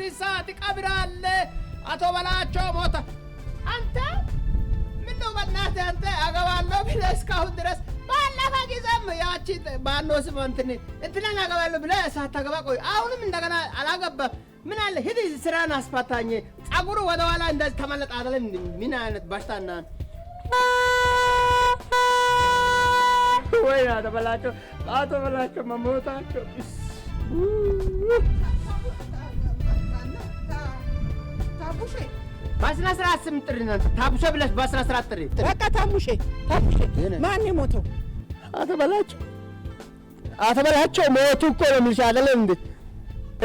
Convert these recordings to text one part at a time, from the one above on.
ቅዱስ ሰዓት ቀብራለ አቶ በላቸው ሞታ አንተ ምን ነው በእናትህ አንተ አገባለሁ ብለህ እስካሁን ድረስ ባለፈ ጊዜም ያቺ ባኖስ እንትን እንትናን አገባለሁ ብለህ ሳታገባ ቆይ አሁንም እንደገና አላገባም። ምን አለ ሂድ ስራን አስፋታኝ። ጸጉሩ ወደ ኋላ እንደዚህ ተመለጠ አይደለም? ምን አይነት ባሽታና ወይ አቶ በላቸው አቶ በላቸው መሞታቸው በአስራ ስርዓት ስም ጥሪ ታቡሸ ብለሽ በአስራ ስርዓት ጥሪ። በቃ ታሙሼ ታሙሼ። ማን የሞተው? አትበላቸው አትበላቸው። ሞቱ እኮ ነው የሚልሽ አይደለ እንዴ?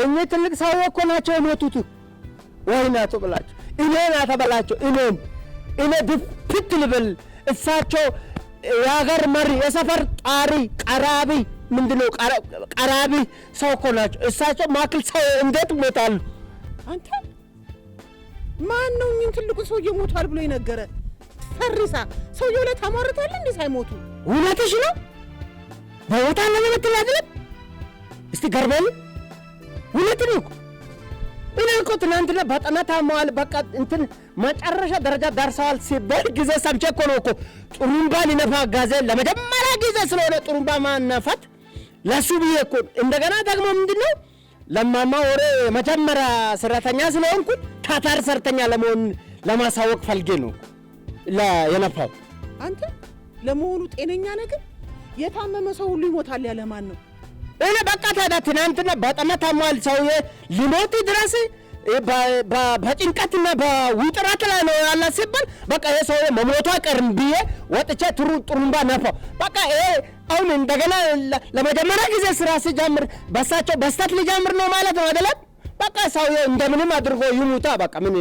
እኚህ ትልቅ ሰው እኮ ናቸው የሞቱት። ወይኔ አትበላቸው፣ እኔን አትበላቸው። እኔን እኔ ድፍት ልበል። እሳቸው የሀገር መሪ፣ የሰፈር ጣሪ፣ ቀራቢ ምንድነው ቀራቢ ሰው እኮ ናቸው እሳቸው። ማክል ሰው እንዴት ሞታሉ አንተ ማን ነው እኝን ትልቁ ሰውዬ ሞቷል ብሎ የነገረ? ፈሪሳ ሰውዬው ላይ ታሟርታል እንዴ ሳይሞቱ? እውነትሽ ነው። በቦታ ለመመትል አይደለም። እስቲ ገርበል እውነት ነው እኔ እኮ ትናንትና በጠና ታመዋል፣ በቃ እንትን መጨረሻ ደረጃ ደርሰዋል ሲበል ጊዜ ሰምቼ እኮ ነው እኮ ጥሩምባ ሊነፋ ጋዜ ለመጀመሪያ ጊዜ ስለሆነ ጥሩምባ ማነፋት ለሱ ብዬ እኮ እንደገና ደግሞ ምንድን ነው ለማማ ወሬ መጀመሪያ ሰራተኛ ስለሆንኩ ታታር ሰርተኛ ለመሆን ለማሳወቅ ፈልጌ ነው የነፋው። አንተ ለመሆኑ ጤነኛ ነገር? የታመመ ሰው ሁሉ ይሞታል ያለማን ነው? እኔ በቃ ታዲያ ትናንትና በጠና ታሟል ሰውዬ ሊሞት ድረስ በጭንቀትና በውጥረት ላይ ነው ያለ ሲባል በቃ ይሄ ሰውዬ መሞቱ አይቀርም ብዬ ወጥቼ ጥሩምባ ነፋው። በቃ ይሄ አሁን እንደገና ለመጀመሪያ ጊዜ ስራ ሲጀምር በሳቸው በስተት ሊጀምር ነው ማለት ነው አይደለም? በቃ ሰው እንደምንም አድርጎ ይሙታ። በቃ ምን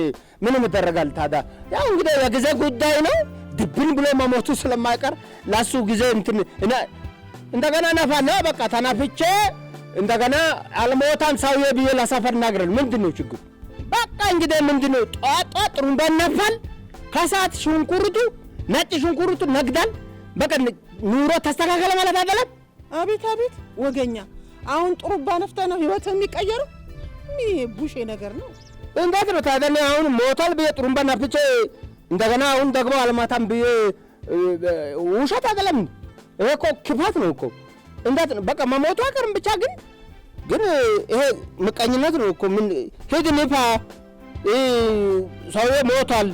ምንም ይደረጋል ታዲያ። ያው እንግዲህ የጊዜ ጉዳይ ነው። ድብን ብሎ መሞቱ ስለማይቀር ላሱ ጊዜ እንትን እንደገና ነፋለሁ። በቃ ተናፍቼ እንደገና አልሞታም ሰውዬ ብዬ ለሰፈር ናግረን ምንድን ነው ችግሩ? በቃ እንግዲህ ምንድን ነው ጧጧ ጥሩምባ ነፋል። ከሰዓት ሽንኩርቱ ነጭ ሽንኩርቱ ነግዳል። በቃ ኑሮ ተስተካከለ ማለት አይደለም። አቤት አቤት ወገኛ፣ አሁን ጥሩ ባነፍታ ነው ህይወት የሚቀየሩ ቡሼ ነገር ነው። እንዴት ነው ታዲያ? አሁን ሞቷል ብዬ ጥሩምባ ናፍጬ እንደገና አሁን ደግሞ አልማታም ብዬ ውሸት አይደለም። ይሄ እኮ ክፋት ነው እኮ እንዴት ነው በቃ መሞቱ አይቀርም ብቻ ግን ግን ይሄ ምቀኝነት ነው እኮ ምን ሂድ ንፋ ሰው ሞቷል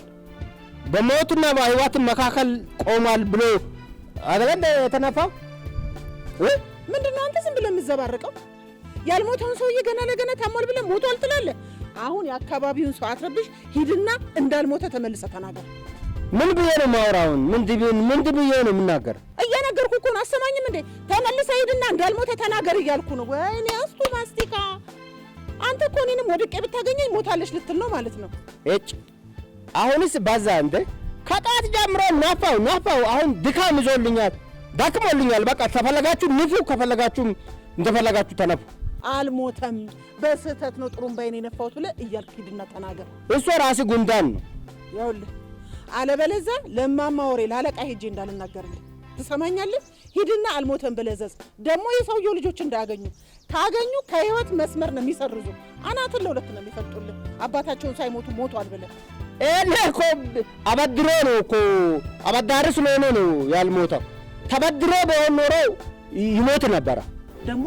በሞትና በህይወት መካከል ቆሟል ብሎ አደለ የተነፋው? ምንድን ነው አንተ ዝም ብለህ የምዘባርቀው? ያልሞተውን ሰውዬ ገና ለገና ታሟል ብለህ ሞቷል ትላለህ። አሁን የአካባቢውን ሰው አትረብሽ፣ ሂድና እንዳልሞተ ተመልሰህ ተናገር። ምን ብዬ ነው የማወራውን? ምን ብዬ ነው የምናገር? እየነገርኩ እኮ ነው። አሰማኝም እንዴ? ተመልሰህ ሂድና እንዳልሞተ ተናገር እያልኩ ነው። ወይኔ አስቱ ማስቲካ፣ አንተ እኮ እኔንም ወድቄ ብታገኘኝ ሞታለች ልትል ነው ማለት ነው? እጭ አሁንስ ባዛ እንዴ ከጠዋት ጀምሮ ናፋው ናፋው። አሁን ድካም ይዞልኛል፣ ደክሞልኛል። በቃ ተፈለጋችሁ ንፉ፣ ከፈለጋችሁም እንደፈለጋችሁ ተነፉ። አልሞተም በስህተት ነው ጥሩም ባይን የነፋሁት ብለህ እያልክ ሂድና ተናገር። እሱ ራሴ ጉንዳን ነው ይኸውልህ። አለበለዚያ ለማማ ወሬ ላለቃ ሄጄ እንዳልናገርልህ ትሰማኛለህ። ሂድና አልሞተም ብለህ ዘዝ። ደግሞ የሰውየው ልጆች እንዳያገኙ ካገኙ ከህይወት መስመር ነው የሚሰርዙ። አናትን ለሁለት ነው የሚፈልጡልህ። አባታቸውን ሳይሞቱ ሞቷል ብለህ ይሄ እኮ አበድሮ ነው እኮ አበዳሪ ስለሆነ ነው ያልሞተው። ተበድሮ በሆን ኖሮ ይሞት ነበረ ደግሞ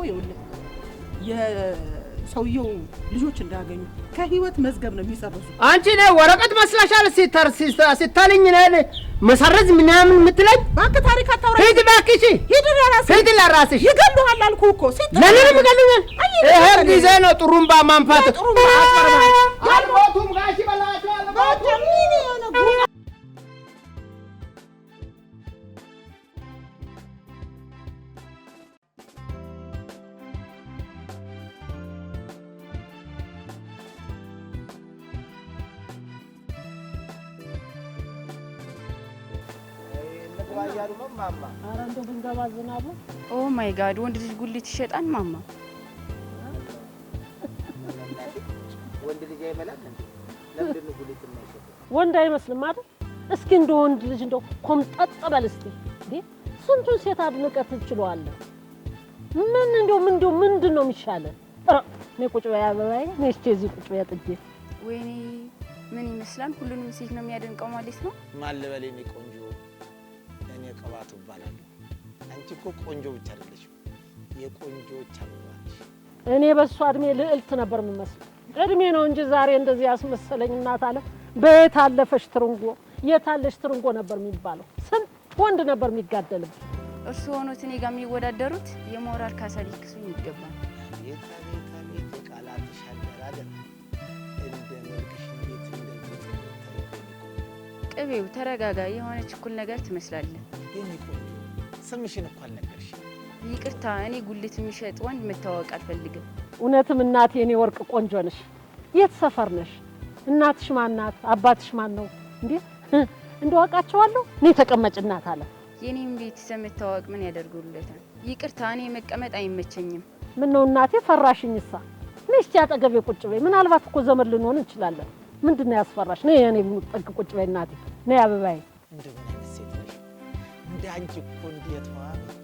ሰውየው ልጆች እንዳያገኙ ከህይወት መዝገብ ነው የሚሰረዙ። አንቺ ነ ወረቀት መስላሻል። ሲታልኝ ነ መሰረዝ ምናምን የምትለኝ እባክህ። ታሪክ አታውራ። ሂድ ባክሽ፣ ሂድ ለራስሽ፣ ሂድ ለራስሽ። ይገሉሃል አልኩህ እኮ ለእኔንም ይገሉኛል። ይሄ ጊዜ ነው ጥሩምባ ማንፋት። አልሞቱም ጋሽ በላቸው አልሞቱም ኦ ማይ ጋድ ወንድ ልጅ ጉሊት ይሸጣል። ማማ ወንድ አይመስልም አይደል? እስኪ እንደ ወንድ ልጅ እንደው ኮምጠጥ በል እስኪ። ስንቱን ሴት አድንቀት ትችለዋለህ። ምን እንደው ምን እንደው ምንድን ነው የሚሻለው? እኔ ቁጭ በይ አበባዬ፣ እኔ እስኪ እዚህ ቁጭ በይ አጥጌ። ወይኔ ምን ይመስላል? ሁሉንም ሴት ነው የሚያደንቀው ማለት ነው። ማን ልበል የእኔ ቅባቱ እባላለሁ። አንቺ እኮ ቆንጆ ብቻ አይደለሽ፣ የቆንጆዎች አበባ እኔ በእሷ እድሜ ልዕልት ነበር የምመስለው። እድሜ ነው እንጂ ዛሬ እንደዚህ ያስመሰለኝ። እናት አለ በየት አለፈሽ ትርንጎ፣ አለሽ ትርንጎ ነበር የሚባለው። ስንት ወንድ ነበር የሚጋደልም። እርሱ ሆኖት እኔ ጋር የሚወዳደሩት የሞራል ካሳ ሊክሱኝ ይገባል። የቃላት ሻገራለን ቅቤው ተረጋጋ። የሆነች እኩል ነገር ትመስላለህ። ስምሽን እኮ አልነገርሽ። ይቅርታ፣ እኔ ጉልት የሚሸጥ ወንድ መታወቅ አልፈልግም። እውነትም እናቴ፣ የኔ ወርቅ ቆንጆ ነሽ። የት ሰፈር ነሽ? እናትሽ ማናት? አባትሽ ማን ነው? እንዴ እንደዋቃቸዋለሁ እኔ ተቀመጭ እናት አለ። የኔም ቤተሰብ መታወቅ ምን ያደርጉለታል? ይቅርታ፣ እኔ መቀመጥ አይመቸኝም። ምን ነው እናቴ፣ ፈራሽኝሳ? እስኪ አጠገቤ ቁጭ በይ። ምናልባት እኮ ዘመድ ልንሆን እንችላለን። ምንድን ነው ያስፈራሽ? ነው የኔ ጠግ ቁጭ በይ እናቴ፣ ነው አበባዬ። እንደምን አይነት ሴት ነሽ! እንደ አንቺ እኮ እንዲህ የተዋበች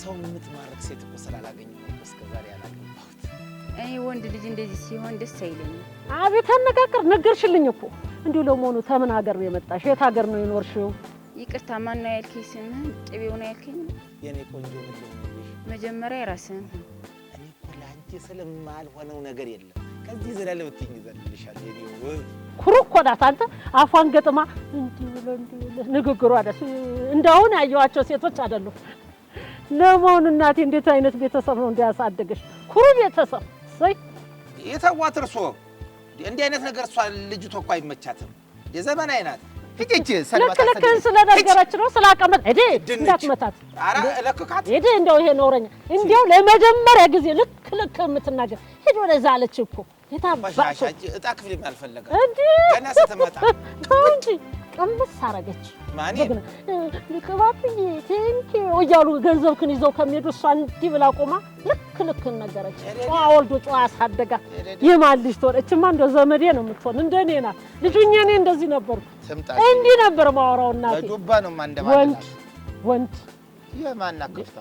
ሰው የምትማርክ ሴት እኮ ስላላገኘሁ እኮ እስከ ዛሬ ያላገባሁት። እኔ ወንድ ልጅ እንደዚህ ሲሆን ደስ አይለኝ። አቤት አነጋገር! ነገርሽልኝ እኮ እንዲሁ ለመሆኑ ተምን ሀገር ነው የመጣሽ? የት ሀገር ነው የኖርሽው? ይቅርታ ማን ነው ያልከኝ? ጥቤው ነው ያልከኝ? የኔ ቆንጆ፣ መጀመሪያ የራስህን እኔ እኮ ለአንቺ ስልም ስለማልሆነው ነገር የለም ከዚህ ዘላለም እትኝ ይዘልሻል። የኔ ኩሩ እኮ ናት። አንተ አፏን ገጥማ ንግግሯ ደስ እንደውን ያየኋቸው ሴቶች አይደሉም። ለመሆኑ እናቴ እንዴት አይነት ቤተሰብ ነው እንዲያሳደገሽ? ኩሩ ቤተሰብ ሰይ የተዋት እርሶ እንዲህ አይነት ነገር እሷ ልጅቷ እኮ አይመቻትም። የዘመናዊ ናት ልክ ስለነገረች ነው ስላቀመጥ እንዳትመታት ሂድ። እንደው ይሄ ኖረኛ እንዲያው ለመጀመሪያ ጊዜ ልክ የምትናገር ሂድ ወደዛ አለች እኮ የታባሽ እጣ ክፍል አልፈለገም እንጂ ቅምስ አረገች። ልቅባትዬ ቴንኪው እያሉ ገንዘብክን ይዘው ከሚሄዱ እሷ እንዲህ ብላ ቆማ ልክ ልክን ነገረች። ጨዋ ወልዶ ጨዋ ያሳደጋት የማን ልጅ ትሆን? እችማ እንደ ዘመዴ ነው የምትሆን፣ እንደ እኔ ናት። ልጁኛ እኔ እንደዚህ ነበርኩ፣ እንዲህ ነበር ማወራውና ወንድ ወንድ የማናክፍታ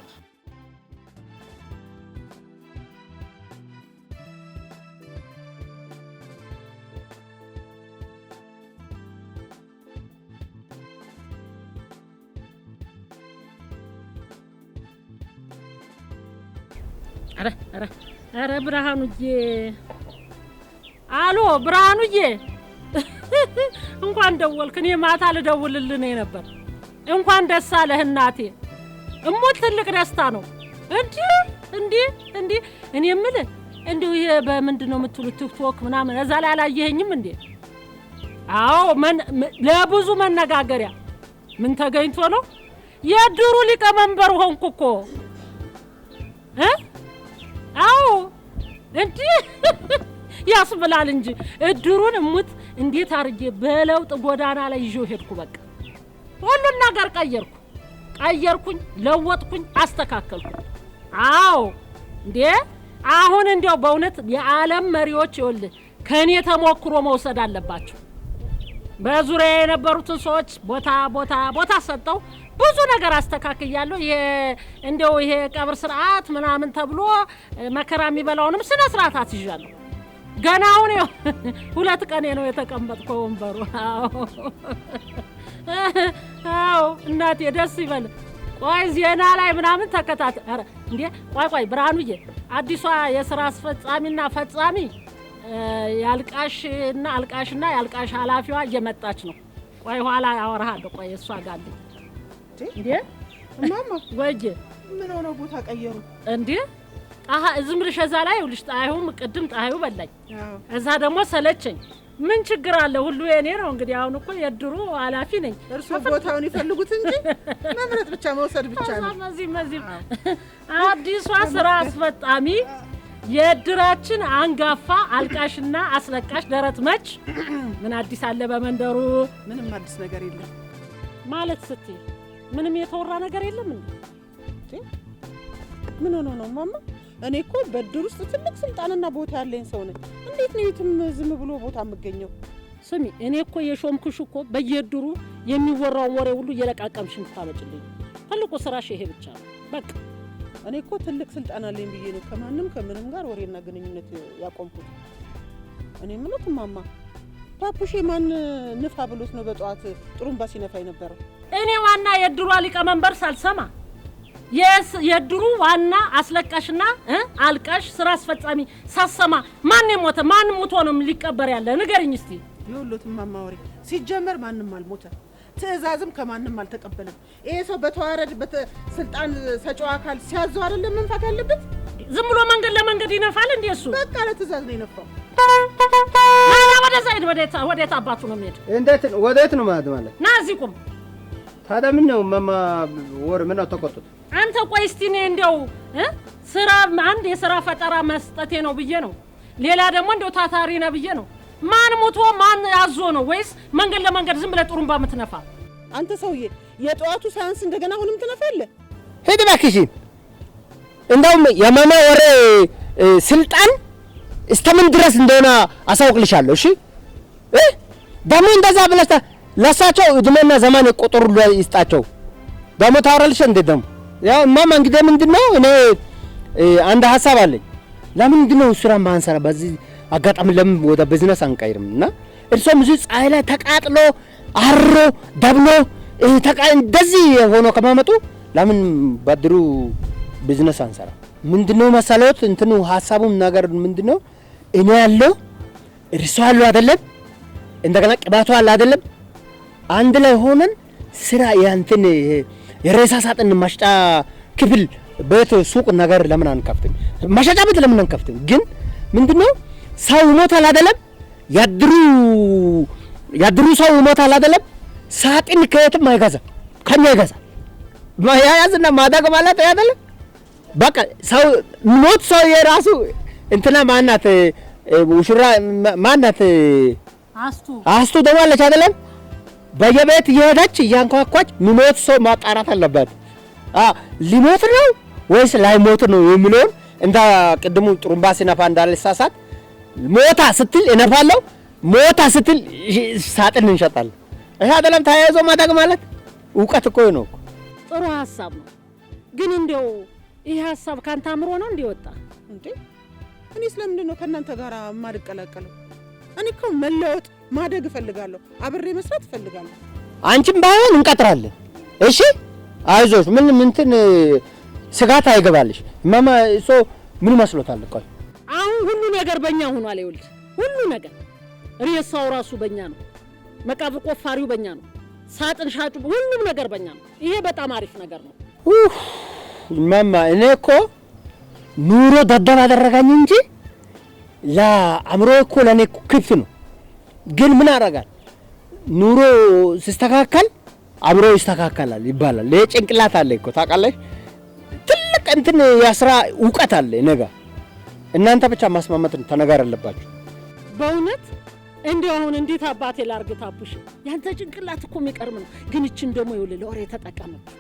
ኧረ ኧረ ኧረ ብርሃኑዬ፣ አሎ ብርሃኑዬ፣ እንኳን ደወልክ። እኔ ማታ ልደውልልን ነበር። እንኳን ደስ አለህ እናቴ። እሞት ትልቅ ደስታ ነው። እንዲህ እንዲህ እንዲህ እኔ የምልህ እንዲሁ ይሄ በምንድን ነው የምትሉት? ቲክቶክ ምናምን እዛ ላይ አላየኸኝም እንዴ? አዎ ለብዙ መነጋገሪያ ምን ተገኝቶ ነው? የድሩ ሊቀመንበር ሆንኩ እኮ እ እድ ያስብላል እንጂ እድሩን እሙት እንዴት አርጌ በለውጥ ጎዳና ላይ ይዤው ሄድኩ። በቃ ሁሉን ነገር ቀየርኩ፣ ቀየርኩኝ፣ ለወጥኩኝ፣ አስተካከልኩ። አዎ እንዴ አሁን እንዲያው በእውነት የዓለም መሪዎች ይኸውልህ ከእኔ ተሞክሮ መውሰድ አለባቸው። በዙሪያ የነበሩትን ሰዎች ቦታ ቦታ ቦታ ሰጠው ብዙ ነገር አስተካክያለሁ። እንደው ይሄ ቀብር ስርዓት ምናምን ተብሎ መከራ የሚበላውንም ስነ ስርዓት አስይዣለሁ። ገና አሁን ሁለት ቀኔ ነው የተቀመጥከው ወንበሩ። አዎ እናቴ ደስ ይበል። ቆይ ዜና ላይ ምናምን ተከታተ እንዴ? ቆይ ቆይ ብርሃኑዬ፣ አዲሷ የስራ አስፈጻሚና ፈጻሚ የአልቃሽና አልቃሽና የአልቃሽ ኃላፊዋ እየመጣች ነው። ቆይ ኋላ አወራሃለሁ። ቆይ እሷ ጋር እንዴ እማማ ወይዬ ምን ሆነው ቦታ ቀየሩ እንዴ? አሀ ዝም ብለሽ እዛ ላይ ይኸውልሽ፣ ጣዩም ቅድም ጣይሁ በላኝ፣ እዛ ደግሞ ሰለቸኝ። ምን ችግር አለ? ሁሉ የኔ ነው። እንግዲህ አሁን እኮ የድሩ ኃላፊ ነኝ። እርስዎ ቦታውን ይፈልጉት እንጂ መምረጥ ብቻ መውሰድ ብቻ ነው። መዚህ መዚህ አዲሷ ስራ አስፈጣሚ የእድራችን አንጋፋ አልቃሽና አስለቃሽ ደረት መች ምን አዲስ አለ በመንደሩ? ምንም አዲስ ነገር የለም ማለት ስትይ ምንም የተወራ ነገር የለም እንዴ? ምን ሆኖ ነው ማማ? እኔ እኮ በድር ውስጥ ትልቅ ስልጣንና ቦታ ያለኝ ሰው ነኝ። እንዴት ነው የትም ዝም ብሎ ቦታ የምገኘው? ስሚ፣ እኔ እኮ የሾምኩሽ እኮ በየድሩ የሚወራውን ወሬ ሁሉ እየለቃቀምሽ የምታመጭልኝ። ትልቁ ስራሽ ይሄ ብቻ ነው በቃ። እኔ እኮ ትልቅ ስልጣን አለኝ ብዬ ነው ከማንም ከምንም ጋር ወሬና ግንኙነት ያቆምኩት። እኔ ምሎት ማማ፣ ፓፑሽ ማን ንፋ ብሎት ነው በጠዋት ጥሩምባ ሲነፋ የነበረው? እኔ ዋና የድሯ ሊቀመንበር ሳልሰማ የድሩ ዋና አስለቃሽና አልቃሽ ስራ አስፈጻሚ ሳሰማ ማን ሞተ? ማን ሙቶ ነው ሊቀበር ያለ? ንገርኝ እስቲ። ይኸውልዎት እማማ ወሬ ሲጀመር ማንም አልሞተ፣ ትእዛዝም ከማንም አልተቀበለም። ይሄ ሰው በተዋረድ በስልጣን ሰጪው አካል ሲያዘው አይደለም መንፋት ያለበት። ዝም ብሎ መንገድ ለመንገድ ይነፋል እንዴ? እሱ በቃ ለትእዛዝ ነው የነፋው። ወደዛ ሄድ። ወዴት አባቱ ነው የሚሄድ? እንዴት ወዴት ነው ማለት ማለት? ና እዚህ ቁም ታዲያ ምን ነው እማማ ወር ምን ነው ተቆጡት? አንተ ቆይ እስቲ እኔ እንደው ስራ አንድ የስራ ፈጠራ መስጠቴ ነው ብዬ ነው፣ ሌላ ደግሞ እንደው ታታሪ ነህ ብዬ ነው። ማን ሞቶ ማን አዞ ነው? ወይስ መንገድ ለመንገድ ዝም ብለህ ጥሩምባ የምትነፋ አንተ ሰውዬ፣ የጠዋቱ ሳያንስ እንደገና አሁንም ትነፋ የለ። ሂድ እባክሽ። እንደውም የእማማ ወሬ ስልጣን እስከምን ድረስ እንደሆነ አሳውቅልሻለሁ። እሺ ደግሞ እንደዛ ብለሽ ለሳቸው እድሜና ዘመን ቁጥር ይስጣቸው። ደሞ ታወራልሽ እንዴ? ደሞ ያው እማማ እንግዲህ ምንድነው እኔ አንድ ሀሳብ አለኝ። ለምንድነው ስራ ማንሰራ? በዚህ አጋጣሚ ለምን ወደ ቢዝነስ አንቀይርም? እና እርሶም እዚህ ፀሐይ ላይ ተቃጥሎ አሮ ደብሎ እንደዚህ ሆኖ ከማመጡ ለምን በድሩ ቢዝነስ አንሰራ? ምንድነው መሰሎት እንትኑ ሀሳቡም ነገር ምንድነው እኔ ያለው እርሶ አሉ አይደለም እንደገና ቅባቱ አለ አይደለም አንድ ላይ ሆነን ስራ ያንተን የሬሳ ሳጥን ማሽጫ ክፍል ቤት ሱቅ ነገር ለምን አንከፍትም? ማሸጫ ቤት ለምን አንከፍትም? ግን ምንድነው ሰው ይሞታል አይደለም? ያድሩ ያድሩ ሰው ይሞታል አይደለም? ሳጥን ከየትም አይገዛ ከኛ ይገዛ ማያያዝና ማዳግ ማለት አይደለ? በቃ ሰው ሞት ሰው የራሱ እንትና ማናት? ውሽራ ማናት? አስቱ አስቱ ደዋለች አይደለም? በየቤት እየሄደች እያንኳኳች ሚሞት ሰው ማጣራት አለባት። ሊሞት ነው ወይስ ላይሞት ነው የሚለውን እንደ ቅድሙ ጥሩምባ ሲነፋ እንዳልሳሳት ሞታ ስትል እነፋለሁ፣ ሞታ ስትል ሳጥን እንሸጣለን። ይህ አይደለም ተያይዞ ማደግ ማለት እውቀት እኮ ነው። ጥሩ ሀሳብ ነው፣ ግን እንዲያው ይህ ሀሳብ ካንተ አምሮ ነው ወጣ እንዴ? እኔ ስለምንድን ነው ከእናንተ ጋር የማልቀላቀለው? እኔ እኮ መለወጥ ማደግ እፈልጋለሁ። አብሬ መስራት እፈልጋለሁ። አንቺም ባይሆን እንቀጥራለን። እሺ አይዞሽ፣ ምን ምንትን ስጋት አይገባልሽ። ማማ እሶ ምን መስሎታል? ቆይ አሁን ሁሉ ነገር በእኛ ሆኗል። ይኸውልህ ሁሉ ነገር ሬሳው ራሱ በእኛ ነው። መቃብር ቆፋሪው በእኛ ነው። ሳጥን ሻጩ፣ ሁሉም ነገር በእኛ ነው። ይሄ በጣም አሪፍ ነገር ነው። እማማ እኔ እኮ ኑሮ ደደብ አደረጋኝ እንጂ አእምሮ እኮ ለእኔ ክፍ ነው ግን ምን አረጋል ኑሮ ሲስተካከል አብሮ ይስተካከላል ይባላል። ጭንቅላት አለ እኮ ታውቃለህ። ትልቅ እንትን የስራ እውቀት አለ ነገ እናንተ ብቻ ማስማመት ተነጋር አለባችሁ። በእውነት እንዲ አሁን እንዴት አባቴ ላርግ ታቡሽ፣ ያንተ ጭንቅላት እኮ የሚቀርም ነው። ግን እችን ደግሞ ይኸውልህ ለወሬ ተጠቀምበት።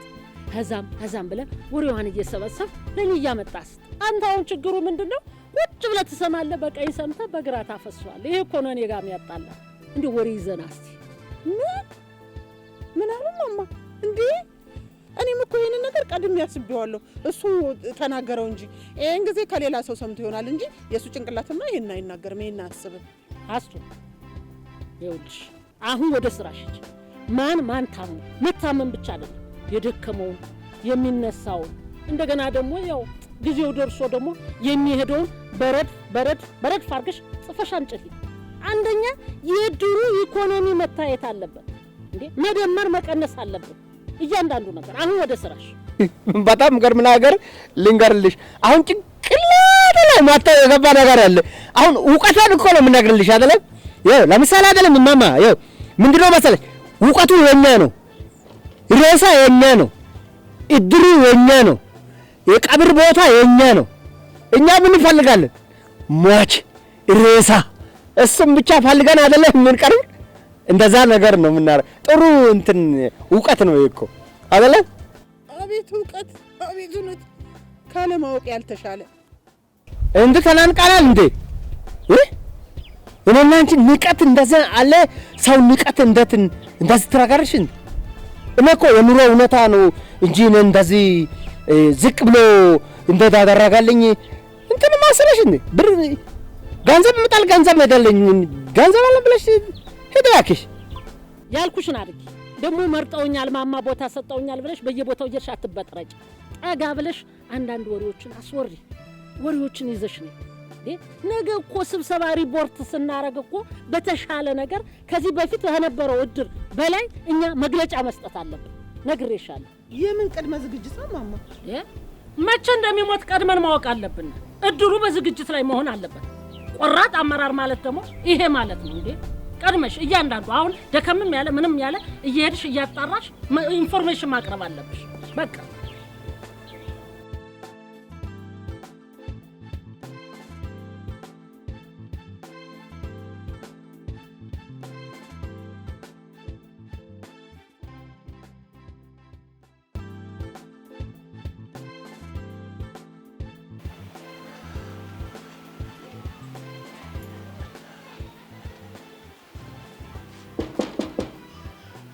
ከዛም ከዛም ብለ ወሬዋን እየሰበሰብ ለኔ እያመጣስ አንተ አሁን ችግሩ ምንድን ነው? ቁጭ ብለህ ትሰማለህ። በቀኝ ሰምተህ በግራ ታፈሷል። ይሄ እኮ ነው እኔ ጋር የሚያጣላ። እንዴ ወሬ ይዘን አስቲ ምን ምን አሉ ማማ እንዴ እኔም እኮ ይሄንን ነገር ቀድሜ ያስቤዋለሁ። እሱ ተናገረው እንጂ ይሄን ጊዜ ከሌላ ሰው ሰምቶ ይሆናል እንጂ የእሱ ጭንቅላትማ ይሄን አይናገርም፣ ይሄን አያስብም። አስቱ ይኸውልሽ፣ አሁን ወደ ስራ ሽች። ማን ማን ታመም መታመም ብቻ አይደለም የደከመውን የሚነሳውን እንደገና ደግሞ ያው ጊዜው ደርሶ ደግሞ የሚሄደውን በረድ በረድ በረድ ፋርግሽ ጽፈሽ አንጭፊ። አንደኛ የድሩ ኢኮኖሚ መታየት አለበት። እንዴ መደመር መቀነስ አለበት እያንዳንዱ ነገር። አሁን ወደ ስራሽ። በጣም ገርም ነገር ልንገርልሽ። አሁን ጭንቅላት ላይ ማታ የገባ ነገር አለ። አሁን እውቀቷን እኮ ነው የምነግርልሽ አይደለም። ይኸው ለምሳሌ አይደለም ማማ፣ ይኸው ምንድነው መሰለሽ እውቀቱ የኛ ነው፣ ሬሳ የኛ ነው፣ እድሩ የኛ ነው የቀብር ቦታ የኛ ነው። እኛ ምን እንፈልጋለን? ሟች ሬሳ፣ እሱም ብቻ ፈልገን አይደለም የምንቀርብ። እንደዛ ነገር ነው የምናደርግ። ጥሩ እንትን እውቀት ነው እኮ አይደለ? አቤት እውቀት፣ አቤት እውነት፣ ካለማወቅ ያልተሻለ እንዴ! ተናንቃናል እንዴ? እኔና አንቺ ንቀት እንደዛ አለ። ሰው ንቀት እንደት እንደዚህ ትረጋርሽን? እኔ እኮ የኑሮ እውነታ ነው እንጂ እኔ እንደዚህ ዝቅ ብሎ እንደት እንትን ማሰለሽ እንዴ ብር ገንዘብ ምጣል ገንዘብ ነደለኝ ገንዘብ አለ ብለሽ ሄደ ያክሽ ያልኩሽን አድርጊ። ደግሞ መርጠውኛል ማማ ቦታ ሰጠውኛል ብለሽ በየቦታው እየሄድሽ አትበጥረጭ። ጠጋ ብለሽ አንዳንድ ወሬዎችን አስወሪ። ወሬዎችን ይዘሽ ነው ነገ እኮ ስብሰባ ሪፖርት ስናረግ እኮ በተሻለ ነገር ከዚህ በፊት ከነበረው እድር በላይ እኛ መግለጫ መስጠት አለብን። ነግሬሻለሁ። የምን ቅድመ ዝግጅት ነው ማማ? መቼ እንደሚሞት ቀድመን ማወቅ አለብን። እድሩ በዝግጅት ላይ መሆን አለበት። ቆራጥ አመራር ማለት ደግሞ ይሄ ማለት ነው እንዴ! ቀድመሽ እያንዳንዱ አሁን ደከምም ያለ ምንም ያለ እየሄድሽ እያጣራሽ ኢንፎርሜሽን ማቅረብ አለብሽ በቃ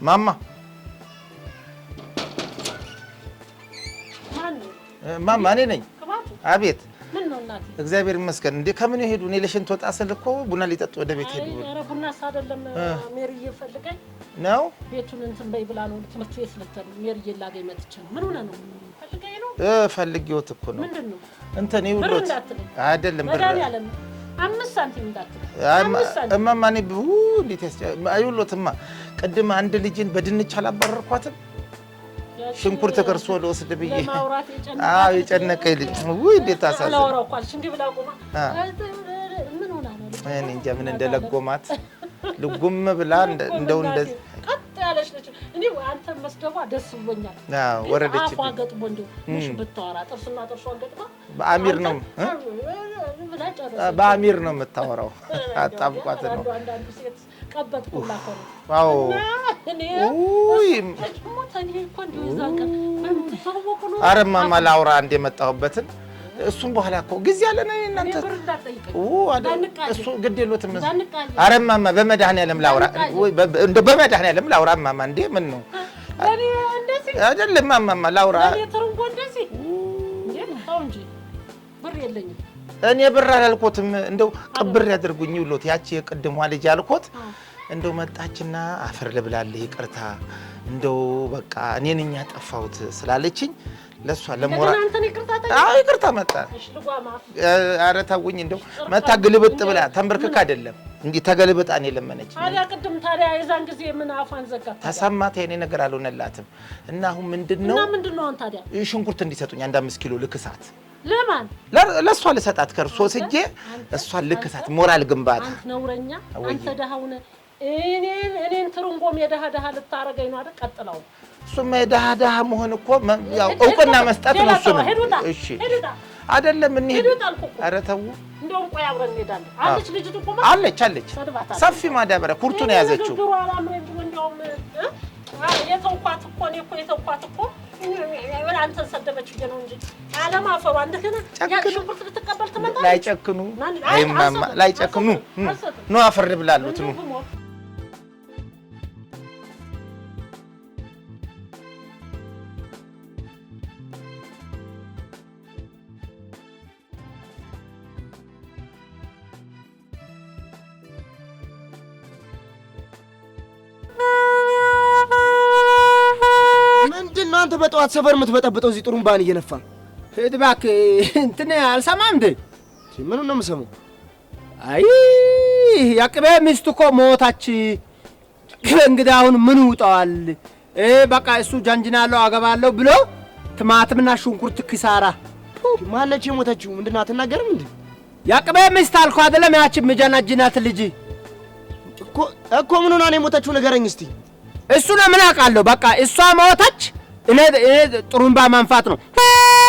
ማማ ማማ እኔ ነኝ። አቤት እግዚአብሔር ይመስገን። እንዴ ከምን ሄዱ? እኔ ለሽንት ወጣ ስል እኮ ቡና ሊጠጡ ወደ ቤት ሄዱ። ቡናስ አይደለም ሜሪዬ ፈልገኝ ነው ቤቱን እንትን በይ ብላ ነው ትምህርት ቤት ልትሄድ ሜሪዬ ላገኝ መጥቼ ነው። ምን ሆነህ ነው? ፈልጌዎት እኮ ነው። እንትን ይውሎት አይደለም ብር አምስት ሳንቲም እንዳትል እማማ እኔ ይውሎትማ ቅድም አንድ ልጅን በድንች አላባረርኳትም? ሽንኩርት ከርሶ ልወስድ ብዬ የጨነቀ ልጅ እንዴት አሳዘነ። እኔ እንጃ ምን እንደለጎማት ልጉም ብላ እንደው እንደዚህ ወረደች። በአሚር ነው በአሚር ነው የምታወራው። አጣብቋት ነው ኧረ እማማ ላውራ አንድ የመጣሁበትን እሱም በኋላ እኮ ጊዜ አለን። እናንተ እሱ ግድ የሎትም። ኧረ እማማ በመድኃኒዓለም ላውራ እንደው በመድኃኒዓለም ላውራ እማማ። እንዴ ምን ነው አይደለም እማማ ላውራ። እኔ ብር አላልኮትም። እንደው ቅብር ያደርጉኝ ብሎት ያቺ የቅድሟ ልጅ አልኮት እንደው መጣችና አፈር ልብላልህ ይቅርታ እንደው በቃ እኔን እኛ ጠፋሁት ስላለችኝ ለእሷ ለሞራ ይቅርታ መጣ። ኧረ ተውኝ እንደው መታ ግልብጥ ብላ ተንበርክክ አይደለም እንዲህ ተገልብጣ እኔ ለመነች። ቅድም ታዲያ የዛን ጊዜ ምን አፏን ዘጋ ተሰማት። የእኔ ነገር አልሆነላትም። እና አሁን ምንድን ነው ምንድን ነው ታዲያ ሽንኩርት እንዲሰጡኝ አንድ አምስት ኪሎ ልክሳት ለማን ለእሷ ልሰጣት ከእርሶ ስጄ እሷን ልክሳት ሞራል ግንባታ ነውረኛ አንተ ደሃውነ እኔን እኔን ትርንጎም የደሃ ደሃ ልታረገኝ ነው አይደል? ቀጥለው እሱማ የደሃ ደሃ መሆን እኮ ያው እውቅና መስጠት ነው። እሱ እሺ፣ አይደለም እንሂድ። ኧረ ተው፣ እንደውም ቆይ አብረን እንሄዳለን። አለች ልጅቱ እኮ አለች አለች፣ ሰፊ ማዳበሪያ ኩርቱ ነው የያዘችው። የተውኳት እኮ እኔ እኮ የተውኳት እኮ አንተን ሰደበች ነው እንጂ አለም አፈሯ እንደገና ሽንኩርት ልትቀበል ትመጣለች። ላይጨክኑ ላይጨክኑ ኑ አፈር ብላሉት ኑ አንተ በጠዋት ሰፈር የምትበጠብጠው እዚህ ጥሩምባን እየነፋ እባክህ እንትን አልሰማ እንዴ? ምኑን ነው የምሰማው? አይ ያቅቤ ሚስት እኮ ሞታች። እንግዲህ አሁን ምን ውጠዋል? በቃ እሱ ጃንጅናለሁ አገባለሁ ብሎ ትማትምና ሽንኩርት ኪሳራ ማለች። የሞተችው ምንድን ነው አትናገርም እንዴ? ያቅቤ ሚስት አልኩ አይደለም? ያቺ ምጃናጅናት ልጅ እኮ እኮ ምኑን ነው የሞተችው? ንገረኝ እስቲ። እሱ ነው ምን አውቃለሁ። በቃ እሷ ሞተች። እኔ ጥሩምባ መንፋት ነው።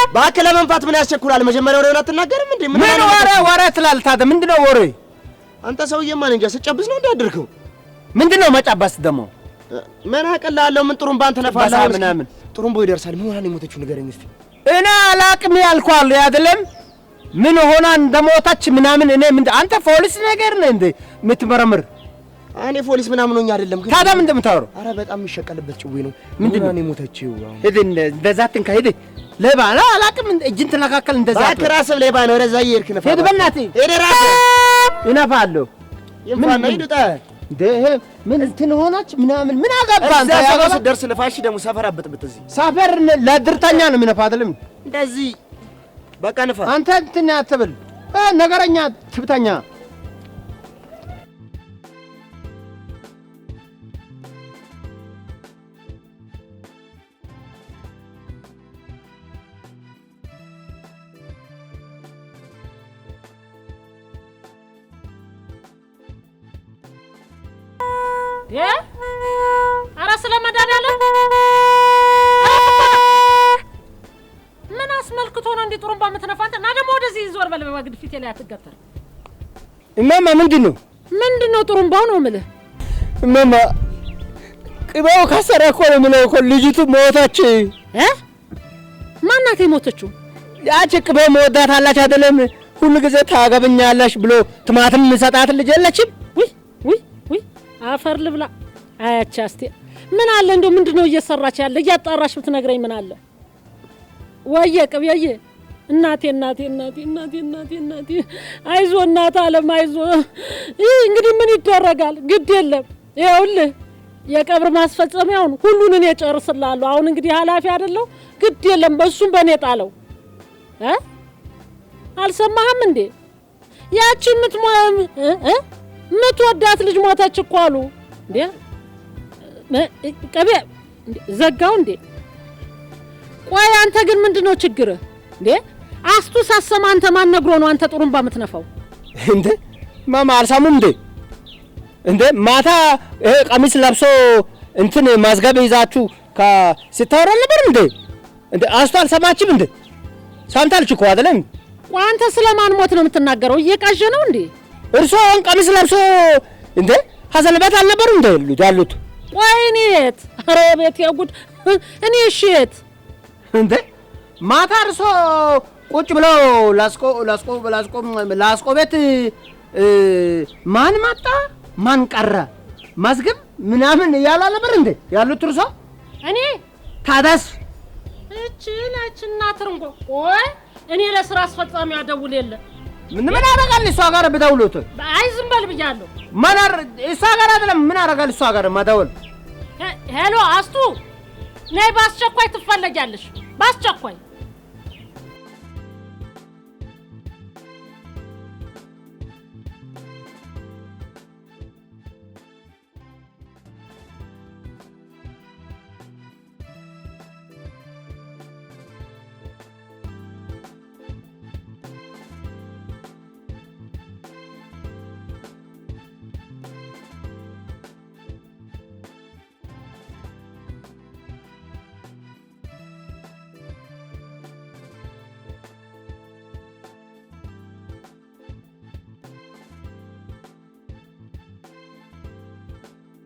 እባክህ ለመንፋት ምን ያስቸኩላል? መጀመሪያ ወሬውን አትናገርም እንዴ? ምን ወሬ ወሬ ትላለህ ታዲያ? ወሬ? አንተ ሰውዬማ እኔ እንጃ ስጨብስ ነው እንዳደርገው። ምንድን መጨበስ ደግሞ? ምን አቀላለሁ? ምን ጥሩምባ አንተ ለፋለህ ምናምን ጥሩምባው ይደርሳል። ምን ሆና የሞተችው? ንገረኝ እስኪ። እኔ አላቅም ያልኳል አይደለም ምን ሆና እንደሞታች ምናምን እኔ ምን አንተ ፖሊስ ነገር ነህ እንዴ የምትመረምር እኔ ፖሊስ ምናምን ሆኜ አይደለም። ግን ታዲያ ምን እንደምታወራው? ኧረ በጣም የሚሸቀልበት ጭዌ ነው። ምንድን ነው እኔ ሞተችው። ሂድ እንደዛ አትንካ። ሂድ ሌባ ነው አላውቅም። እጅን ትነካከል እንደዛ እባክህ። እራስህ ሌባ ነው። ረዛ እየሄድክ ነፋ። ሂድ በእናትህ ሂድ። እራስህ ይነፋለሁ። ምን ይዱጣ ደህ ምን እንትን ሆናች ምናምን ምን አገባህ አንተ። ያው ስትደርስ ልፋሽ ደግሞ ሰፈር አበጥብጥ። እዚህ ሰፈር ለድርተኛ ነው የምነፋ አይደለም። እንደዚህ በቃ ንፋ አንተ እንትን አትብል ነገረኛ ትብተኛ ኧረ ስለመዳዳለን ምን አስመልክቶ ነው እንደ ጥሩምባ የምትነፋ? አንተ እና ደግሞ ወደዚህ ዞር በል በግድ ፊቴ ላይ አትገተር። እማማ ምንድን ነው ምንድን ነው ጥሩምባው ነው የምልህ እማማ ቅቤው ካሰራ እኮ ነው የምለው እኮ ልጅቱ መወታች እ ማናት የሞተችው? ያቺ መወዳት አላች አይደለም? ሁሉ ጊዜ ታገብኛለሽ ብሎ ትማትም እንሰጣት ልጅ የለችም አፈር ልብላ አያቻ አስቴ ምን አለ እንደው ምንድነው እየሰራች ያለ እያጣራሽ ብትነግረኝ ምን አለ ወየ ቅብዬ እናቴ እናቴ እናቴ እናቴ እናቴ እናቴ አይዞ እናት አለም አይዞ ይህ እንግዲህ ምን ይደረጋል ግድ የለም ይኸውልህ የቀብር ማስፈጸሚያውን ሁሉን እኔ ጨርስላለሁ አሁን እንግዲህ ኃላፊ አይደለሁ ግድ የለም በእሱም በእኔ ጣለው አልሰማህም እንዴ ያቺ የምትሞ የምትወዳት ልጅ ሞተች እኮ አሉ። እንዴ ቅቤ ዘጋው እንዴ? ቆይ አንተ ግን ምንድነው ነው ችግርህ እንዴ? አስቱ ሳሰማ አንተ ማን ነግሮ ነው አንተ ጥሩምባ የምትነፋው? እንዴ ማማ አልሳሙም እንዴ? እንዴ ማታ ይሄ ቀሚስ ለብሶ እንትን ማዝገብ ይዛችሁ ስታወራ ነበርም እንዴ? እንዴ አስቱ አልሰማችም እንዴ? ሳምታልች እኮ አይደለም። አንተ ስለማን ሞት ነው የምትናገረው? እየቃዠ ነው እንዴ? እርሶን ቀሚስ ለብሶ እንዴ ሀዘን ቤት አልነበሩም እንደ ያሉት ያሉት ቆይ እኔት ኧረ ቤት ያጉድ እኔ እሽት እንዴ ማታ እርሶ ቁጭ ብለው ላስቆ ላስቆ ላስቆ ላስቆ ቤት ማን መጣ ማን ቀረ መዝግብ ምናምን እያለ ነበር እንዴ ያሉት እርሶ እኔ ታዳስ እቺ ናችና ትርንቆ ቆይ እኔ ለስራ አስፈጻሚ አደውል የለም ምን ምን አደርጋለሁ? እሷ ጋር ብደውሉት አይ ዝም በል ብያለሁ። ምን እሷ ጋር አይደለም ምን አደርጋለሁ? እሷ ጋር ማደውል። ሄሎ አስቱ ነይ፣ በአስቸኳይ ትፈለጊያለሽ፣ በአስቸኳይ